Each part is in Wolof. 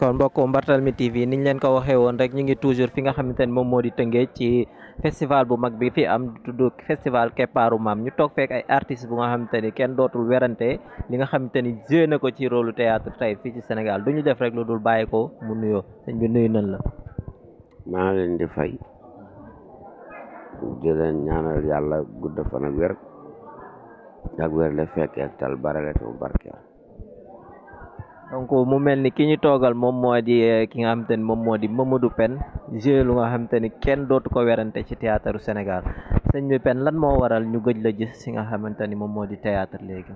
kon mbokk Mbartalmi TV niñ leen ko waxee woon rek ñu ngi toujours fi nga xamante ne moom moo di tëngee ci festival bu mag bi fi am tudd festival keppaaru maam ñu toog fekk ay artistes bu nga xamante ni kenn dootul werante li nga xamante ni joué na ko ci rôle théâtre tey fii ci Sénégal du ñu def rek lu dul bàyyi ko mu nuyoo sëñ bi nuyu nan la. maa leen di fay di leen ñaanal yàlla gudd fan ak wér ak wér la fekkee ak barale te bu barkeel donc mu melni ni ki ñu togal mom modi eh, ki nga xamante ni moom Mamadou Pen jeu lu nga xamante ni kenn dootu ko werante ci théâtre Sénégal señ bi Pen lan mo waral ñu gëj la gis ci nga xamante ni moom moo théâtre légui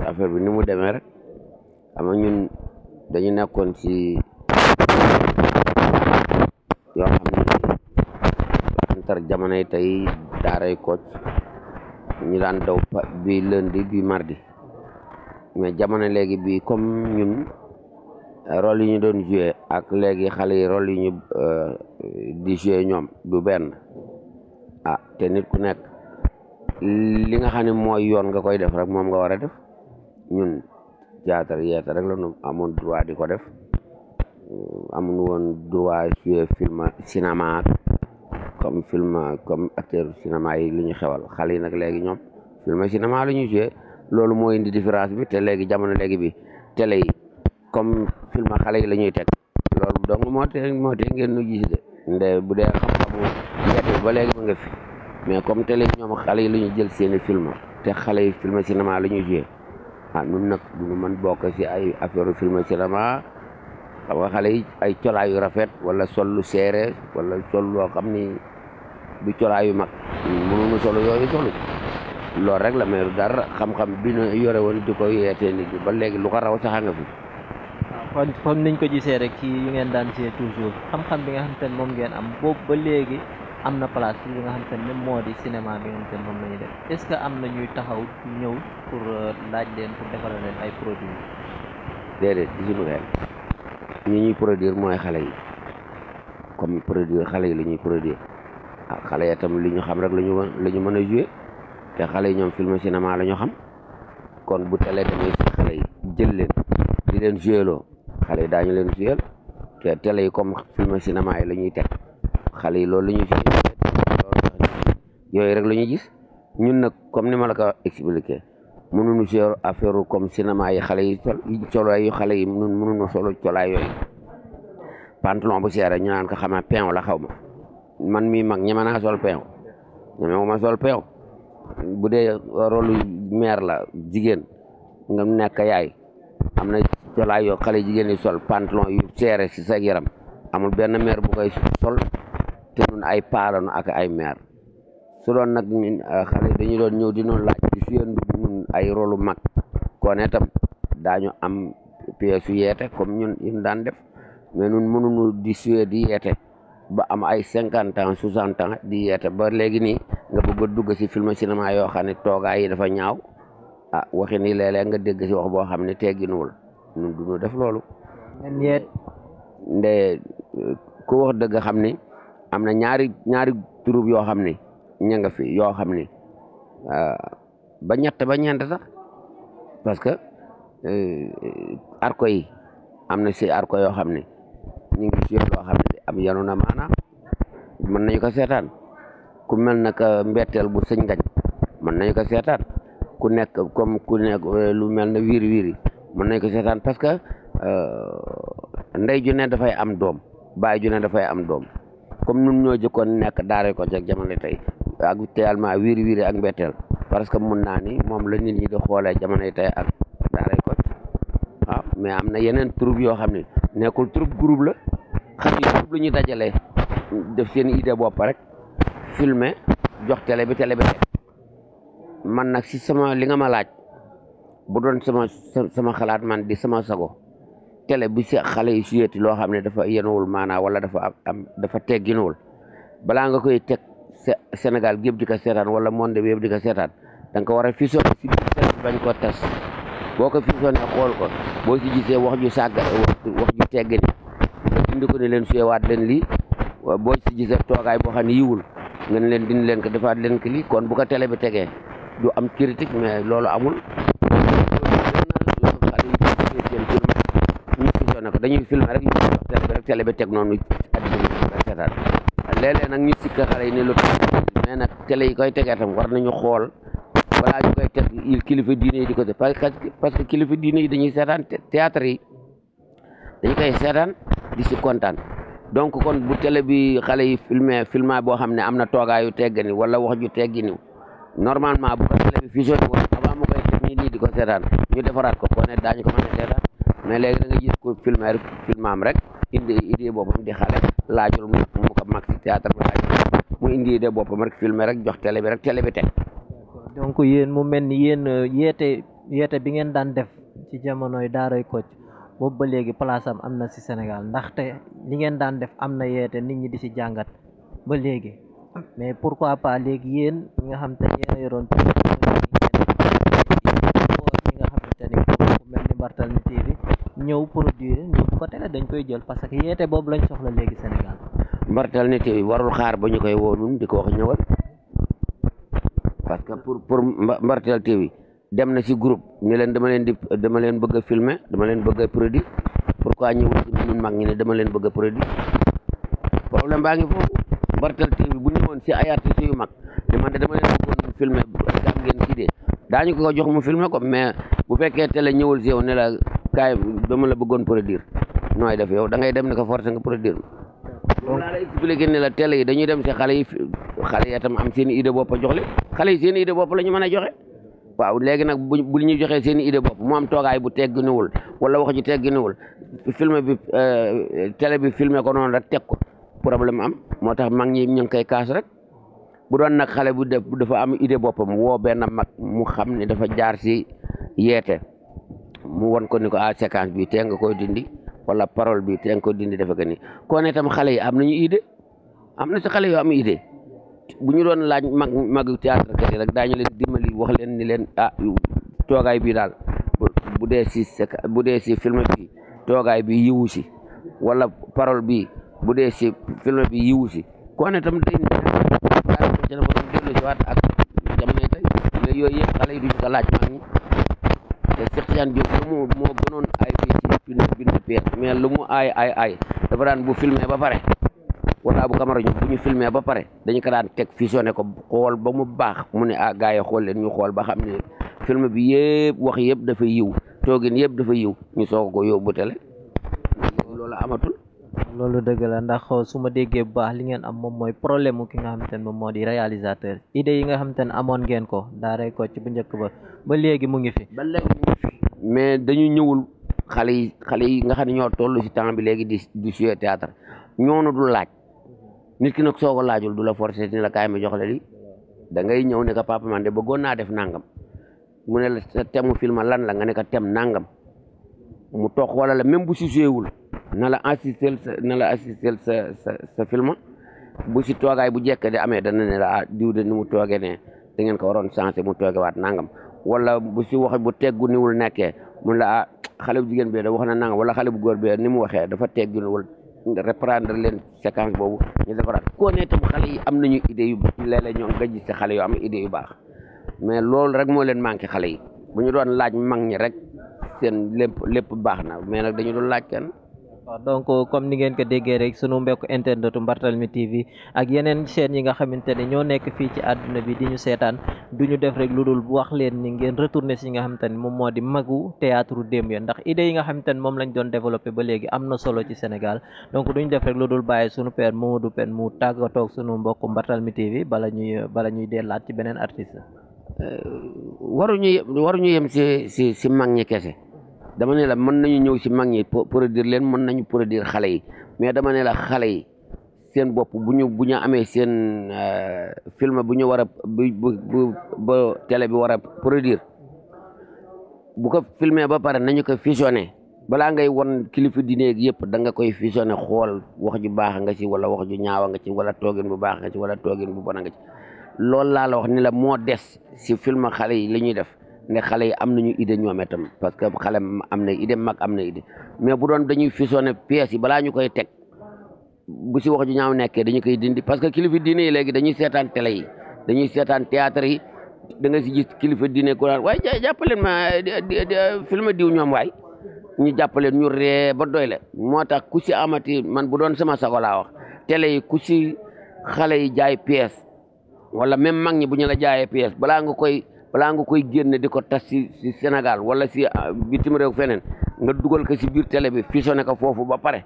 affaire bi ni mu démé rek am ñun dañu nekkon ci yo xam antar jamonoy tey daaray Kocc ñu daan daw bi lundi bi mardi mais jamono léegi bii comme ñun euh, rôle yi ñu doon joué ak léegi xale yi rôle yi ñu euh, di joué ñoom du benn ah te nit ku nekk li nga xam ne mooy yoon nga koy def rek moom nga war a def ñun théâtre yeeta rek la nu amoon droit di ko def amun woon droit joué film cinéma comme film comme acteur cinéma yi li ñu xewal xale yi nag léegi ñoom film cinéma la ñu joué loolu moo indi différence bi te léegi jamono léegi bi télé yi comme film xale yi la ñuy teg loolu donc moo tee moo tee ngeen nu gis de nde bu dee xam-xamu seet ba léegi ma nga fi mais comme télé yi ñoom xale yi la ñuy jël seeni film te xale yi film cinéma la ñuy joué ah nun nag duñu mën bokk si ay affaire film cinéma xam xale yi ay yu rafet wala sol lu seere wala sol loo xam ni du colaayu mag mënuñu solo yooyu solu loolu rek la mais dara xam-xam bi ñu yore woon di ko yeetee nit ñi ba léegi lu ko raw sax nga fi. waaw kon niñ ko gisee rek ci yi ngeen daan see toujours xam-xam bi nga xam te ne moom ngeen am boobu ba léegi am na place li nga xam te ne moo di cinéma bi nga xam te moom la def est-ce que am na ñuy taxaw ñëw pour euh, laaj leen pour defaral leen ay produits. déedéet gisuñu leen ñi ñuy produire mooy xale yi comme produire xale yi la ñuy produire ah xale ya tam li xam rek la ñu la ñu mën a jouer te xale ñom film cinéma lañu xam kon bu télé dañu ci xale yi jël leen di leen jëlo xale dañu leen jël te télé yi comme film cinéma yi lañuy tek teg xale yi loolu la ñuy yooyu rek la gis ñun nak comme ni ma la ko expliquer mënu ñu juyel affaire comme cinéma yi xale yi sol colaay yu xale yi mënu mënu ñu solo colaay yoy pantalon bu seere ñu naan ko xama pain la xawma man mi mag ñama na sol pain ñama ma sol pain bu dee rôle mère la jigéen nga nekk yaay am na colaay yoo xale jigéen yi sol pantalon yu seere ci sa yaram amul benn mère bu koy sol te nun ay paalanu ak ay mère su doon nag ñun ah, xale dañu doon ñëw di nun laaj di suyendu di nun ay rôle mag kon itam daañu am pièce yeete comme ñun ñun daan def mais nun mënuñu di suyee di yeete ba am ay cinquante ans soixante ans di yeete ba léegi nii nga bëgg a dugg si film cinéma yoo xam ne toogaay yi dafa ñaaw a ah, waxi ni léeg nga dégg si wax boo xam ne tegginuwul ñun du ñu def loolu. nde ku wax dëgg xam ni am na ñaari ñaari troupe yoo xam ni ña nga fi yoo xam ni ah, ba ñett ba ñeent sax parce que eh, arko yi am na si arko yoo xam ni. ñu ngi ci loo xam ne am yanu na maanaam mën nañu ko seetaan ku mel nag mbetteel bu sëñ ngañ mën nañu ko seetaan ku nekk comme ku nekk eh, lu mel ne wiir wiir yi mën nañu ko seetaan parce que euh, ndey ju ne dafay am doom baay ju ne dafay am doom comme nun ñoo jëkkoon nekk daare ko ci jamono tey ak tellement wiir ak mbetteel parce que mun naa ni moom la ñi di xoolee jamono tey ak daare ko waaw ah, am na yeneen troupe yoo xam ne nekkul troupe groupe la xale yi groupe la dajale def seen idée bopp rek filmer jox tele bi télé bi man nag si sama li nga ma laaj bu doon sama sama xalaat man di sama sago télé bi si xale yi suyeti loo xam ne dafa yenuwul maanaa wala dafa am dafa tegginuwul balaa nga koy teg senegal gépp di ko seetaan wala monde bi yëpp di ko seetaan da nga ko war a fi bañ koo tas boo ko fiisonee xool ko boo si gisee wax ju sàgg wax ju tegg ni nga bind ko ne leen suyewaat leen boo si gisee toogaay boo xam ne yiwul nga ne leen dindi leen ko defaat leen ko lii kon bu ko télé bi tegee du am critique mais loolu amul ko dañuy filmer rek ñu télé bi rek télé bi teg noonu addina léeg-léeg nag ñu sikka xale yi ne lu mais nag télé yi koy tegee tam war nañu xool balaa ñu koy teg kilifa diine yi di ko def parce que kilifa diine yi dañuy seetaan théâtre yi dañu koy seetaan di si kontaan donc kon bu télé bi xale yi filmé filma boo xam ne am na toogaayu teggani wala wax ju teggini normalement bu ko télé woon avant mu koy def nii di ko seetaan ñu defaraat ko kone daañu ko mën a seetaan mais léegi da nga gis ko filmer rek indi idée boppam di xale laajul mu ko mag si théâtre mu indi idée boppam rek filmer rek jox télé rek télé bi donc yéen mu mel ni eh, yete yete yeete bi ngeen daan def ci jamonoy daaray Kocc boobu ba léegi place am amna na si Sénégal ndaxte li ngeen daan def amna na yeete nit ñi di si jàngat ba léegi mais pourquoi pas léegi yéen ñi nga xam te yéen a yoroon ñi nga xamante ni ku mel ni Barthélemy TV ñëw produire ñu ko télé dañ koy jël parce que yeete boobu lañ soxla léegi Sénégal ni TV warul xaar ba ñu koy woo di ko wax ñëwal parce que pour pour Mbartal TV dem na ci groupe ni leen dama leen di dama leen bëgg a dama leen bëgg a produit pourquoi ñëwul ci ñun mag ñi ne dama leen bëgg a produit problème baa ngi foofu Mbartal TV bu ñëwoon ci ay artistes yu mag ni man de dama leen bëggoon filmer gam ngeen ci dee daañu ko jox mu filmer ko mais bu fekkee télé ñëwul ci yow ne la kaay dama la bëggoon produire nooy def yow da ngay dem ni ko forcé nga produire moom laa la la télé yi dañuy dem ci xale yi xale yi tam am seen idée bopp jox leen seen idée bopp la ñu mën a joxe waaw léegi nag bu bu ñu joxee seen idée bopp mu am toogaay bu tegginuwul wala wax ji tegginuwul film bi télé bi filmé ko noonu rek teg ko problème am moo tax mag ñi ñu ngi koy kaas rek bu doon nag xale bu def dafa am idée boppam woo benn mag mu xam ne dafa jaar ci yeete mu won ko ni ko a séquence bi tee nga koy dindi wala parole bi te ko dindi gani ko ne tam xalé yi am nañu idée am na ci xalé yoo am idée bu ñu doon laaj mag mag théâtre kat rek dañu leen dimbali wax leen ni leen ah togaay bi dal bu dee si bu film bi togaay bi yiwu si wala parole bi bu dee film bi yiwu si kon itam day ci na borom dellu ci waat ak jamono tay mais yooyu yëpp yi duñ ko laaj mag ci xiyan Cheikh mo mo gënon ay ci bind bind pièce mais lu mu aay aay aay dafa daan bu filmé ba pare wala bu kamara ñu bu ñu filmé ba pare dañu ko daan teg fusionné ko xool ba mu baax mu ne ah gars yi xool leen ñu xool ba xam ne film bi yëpp wax yëpp dafa yiw toogin yëpp dafa yiw ñu soog ko yóbbu télé loolu amatul. loolu dëgg la ndax su ma déggee bu baax li ngeen am moom mooy problème mu ki nga xamante ne moom moo di réalisateur idée yi nga xamante ne amoon ngeen ko daaree ko ci bu njëkk ba ba léegi mu ngi fi. xale yi xale yi nga xam ne ñoo toll si temps bi léegi di di jouer théâtre ñoonu du laaj nit ki nag soo ko laajul du la forcer ni la kaay ma jox la li da ñëw ne ko papa man de bëggoon naa def nangam mu ne la sa temu film lan la nga ne tem nangam mu toog wala la même bu si jouer wul na la assister sa na la assister sa sa sa film bu si toogaay bu jekk de amee dana ne la ah diw de ni mu toogee ne da ngeen ko waroon changé mu toogewaat nangam wala bu si wax bu teggu niwul nekkee mun la ah, xale bu jigéen bee da wax na nanga wala xale bu góor bi ni mu waxee dafa teggin wala reprendre leen séquence boobu ñu defaraat koo ne tam xale yi am nañu idée yu léeg-léeg ñoom nga gis ci xale yu am idée yu baax mais loolu rek moo leen manqué xale yi bu ñu doon laaj mag ñi rek seen lépp lépp baax na mais nag dañu doon laaj kenn donc comme ni ngeen ko déggee rek sunu mbokk internet Mbartalmi TV ak yeneen chaîne yi nga xamante ne ñoo nekk ci àdduna bi di ñu seetaan duñu def rek lu dul wax leen ni ngeen retourné si nga xamante ne moom di magu théâtre démb ya ndax idée yi nga xamante ne moom lañ doon développé ba léegi am solo ci Sénégal donc duñu def rek lu dul bàyyi sunu père Mamadou Pène mu tàggatoog sunu mbokk Mbartalmi TV bala ñuy bala ñuy dellaat ci beneen artiste euh, waruñu waruñu yem si si si mag ñi kese dama ne la man nañu ñew ci mag ñi pour produire len man nañu produire xale yi mais dama ne la xalé yi seen bop bu ñu bu ñu amee seen euh, film bu ñu wara bu bu télé bi wara a produire bu ko filmé ba paré nañu ko fusioné bala ngay won kilifa diine ak yépp da nga koy fusioné xol wax ju baax nga ci wala wax ju ñaaw nga ci wala toogin bu baax nga ci wala toogin bu bon nga ci lool la la wax ni la mo dess si film xalé yi lañuy def ne xale yi am nañu idée ñoom itam parce que xale am na idée mag am na idée mais bu doon dañuy fusionné pièces yi balaa ñu koy teg bu si wax ju ñaaw nekkee dañu koy dindi parce que kilifa diine léegi dañuy seetaan télé dañuy seetaan théâtre da nga si gis kilifa diine ku naan waaye jàppaleen ma eh, film diw ñoom waay ñu jàppaleen ñu ba doy moo tax ku si amati man bu doon sama sago laa wax ku si xale yi jaay pièce wala même mag ñi bu ñu la jaayee pièce balaa nga koy balaa nga koy génne diko tass ci si si Sénégal wala si ah, bitim rew fenen, nga duggal ko ci bir télé bi fiisone ko fofu ba paré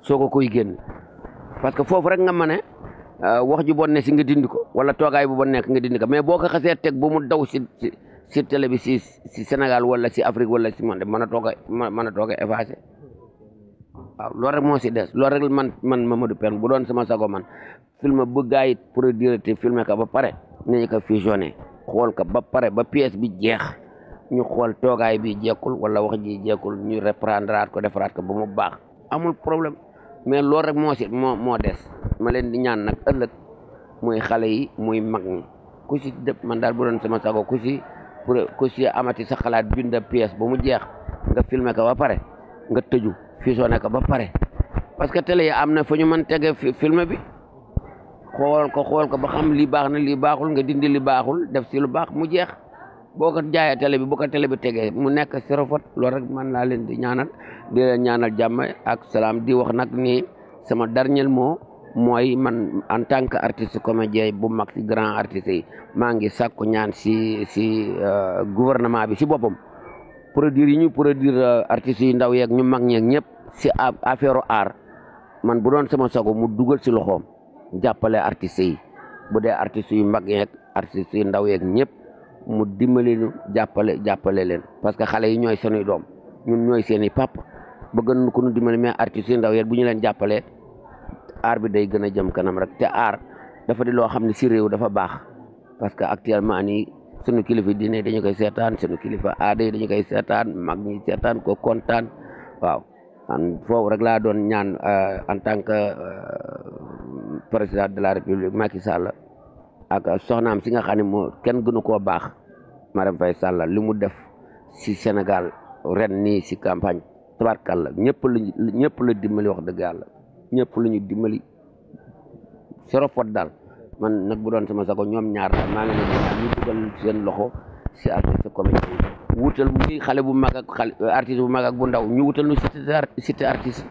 soko koy génne parce que fofu rek nga mané ah, wax ju bonné ci si nga dindi ko wala toogaay bu bonné nga dindi ko mais boko ko tek bu mu daw si si si télé bi si si Sénégal wala si Afrique wala si man de mën a toog a mën rek mo si dess loolu rek man man Mamadou pen bu doon sama sago man film bu gars yi produire te film ka ba pare ni ka fusionné xool ko ba pare ba pièce bi jeex ñu xool toogaay bi jekkul wala wax ji jekkul ñu reprendraat ko defaraat ko ba mu baax amul problème mais loolu rek moo si moo moo des ma leen di ñaan nag ëllëg muy xale yi muy mag ñi ku de man daal bu doon sama sago ku si ku si amati sa xalaat bind pièce ba mu jeex nga filmer ko ba pare nga tëju fusionné ko ba pare parce que télé yi am na fu ñu mën tege film bi xol ko xol ko ba xam li bax na li baxul nga dindi li baxul def ci lu bax mu jeex boko jaaya tele bi boko tele bi tege mu nek ci rofot loolu rek man la len di ñaanal di len ñaanal jamm ak salam di wax nak ni sama dernier mo moy man en tant que artiste comédien bu mag ci grand artiste yi ma ngi sakku ñaan ci ci euh, gouvernement bi ci bopam produire ñu produire euh, artiste yi ndaw yi ak ñu mag ñeeg ñep ci affaire art man bu doon sama sago mu duggal ci loxom jappale artiste yi bu dee artistes yu mag yi artiste yu ndaw ak ñëpp mu dimbali ñu jappale jappale leen parce que xalé yi ñoy seeni doom ñun ñoy seeni pap bëgg nañ ko ñu dimbali mais artiste yu ndaw yi bu ñu leen jàppalee bi day gëna jëm kanam rek te ar dafa di lo xamni ci réew dafa bax parce que actuellement ni sunu kilifa diine dañu koy seetaan sunu kilifa adé dañu koy seetaan mag ñi seetaan ko kontaan waaw an fo rek la doon ñaan euh, en tant que euh, président de la république Macky sala ak soxnaam si nga xam ne moo kenn gënu koo baax Marème Faye Sall li mu def si Sénégal ren ni si campagne tabarkàlla ñëpp la ñëpp la dimbali wax dëgg yàlla ñëpp la ñu dimbali sero fot daal man nag bu doon sama sago ñoom ñaar daal maa ngi leen ñu dugal seen loxo si artiste comédien wutal muy xale bu mag ak bu mag ak bu ndaw ñu wutal ñu cité artiste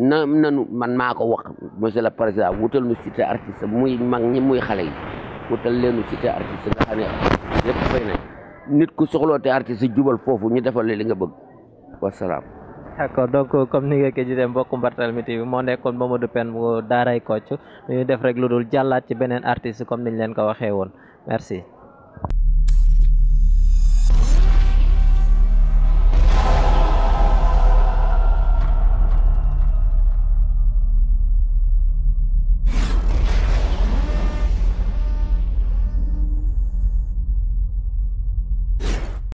na nanu man maa ko wax monsieur le président wutal nu cité artiste muy mag ñi muy xale yi wutal leenu cité artiste nga xam ne lépp fay nañ nit ku soxloote artiste jubal foofu ñu defal li nga bëgg wasalaam d'accord donc comme ni nga ko gisee mbokku Mbartalmi TV moo nekkoon Mamadou Pène mu daaray Kocc ñu def rek lu dul jàllaat ci beneen artiste comme niñ leen ko waxee woon merci